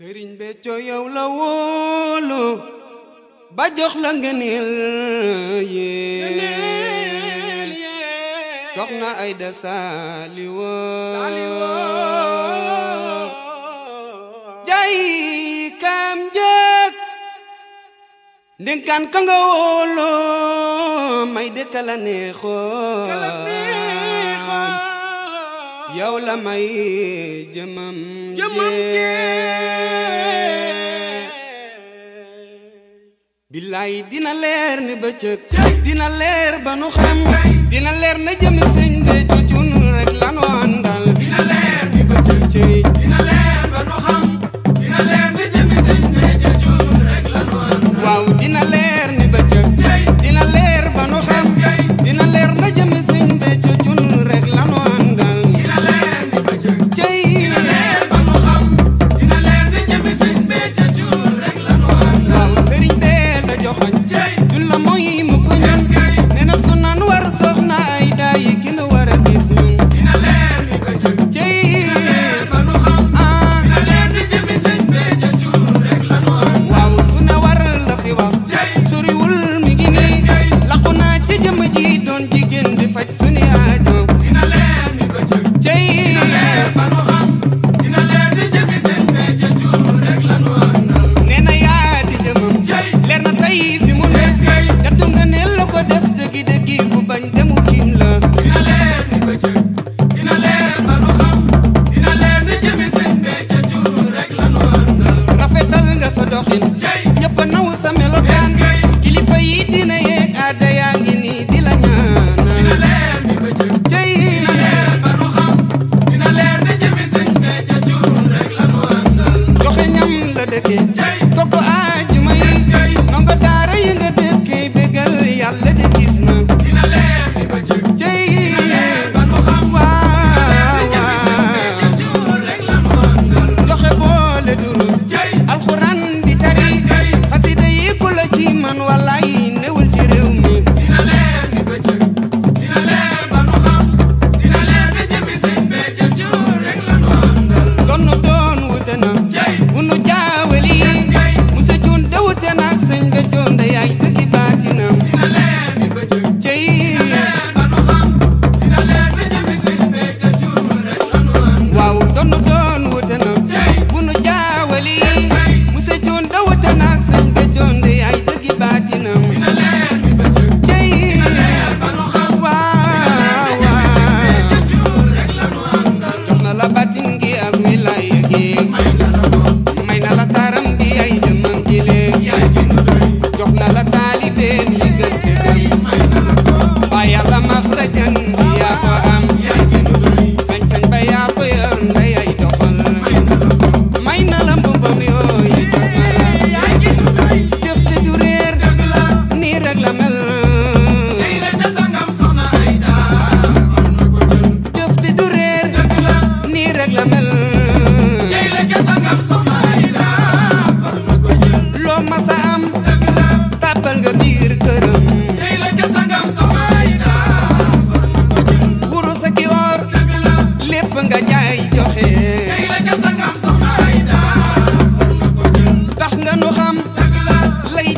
sëriñ cho yow la wóolu ba jox la ngëneel yéen soxna Ayda Saliwo jay kam jëkk ndénkaan ka nga wóolu may de kala neexoon yow la may jëmam jëmam dina leer ni bëccëg dina leer ba nu xam dina leer na jëmi sëy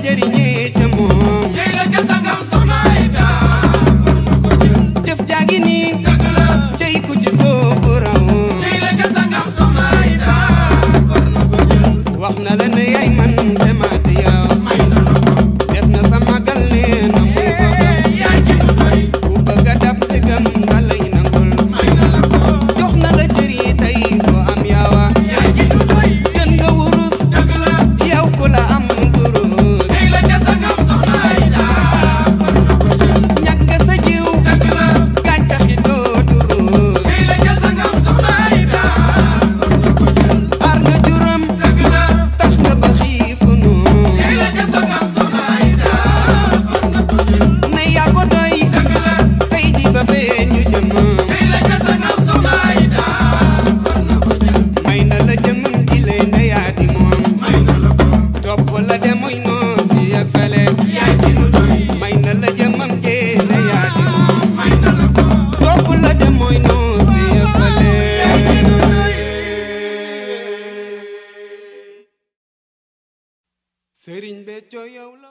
inteirinho sëriñ Béthio yow la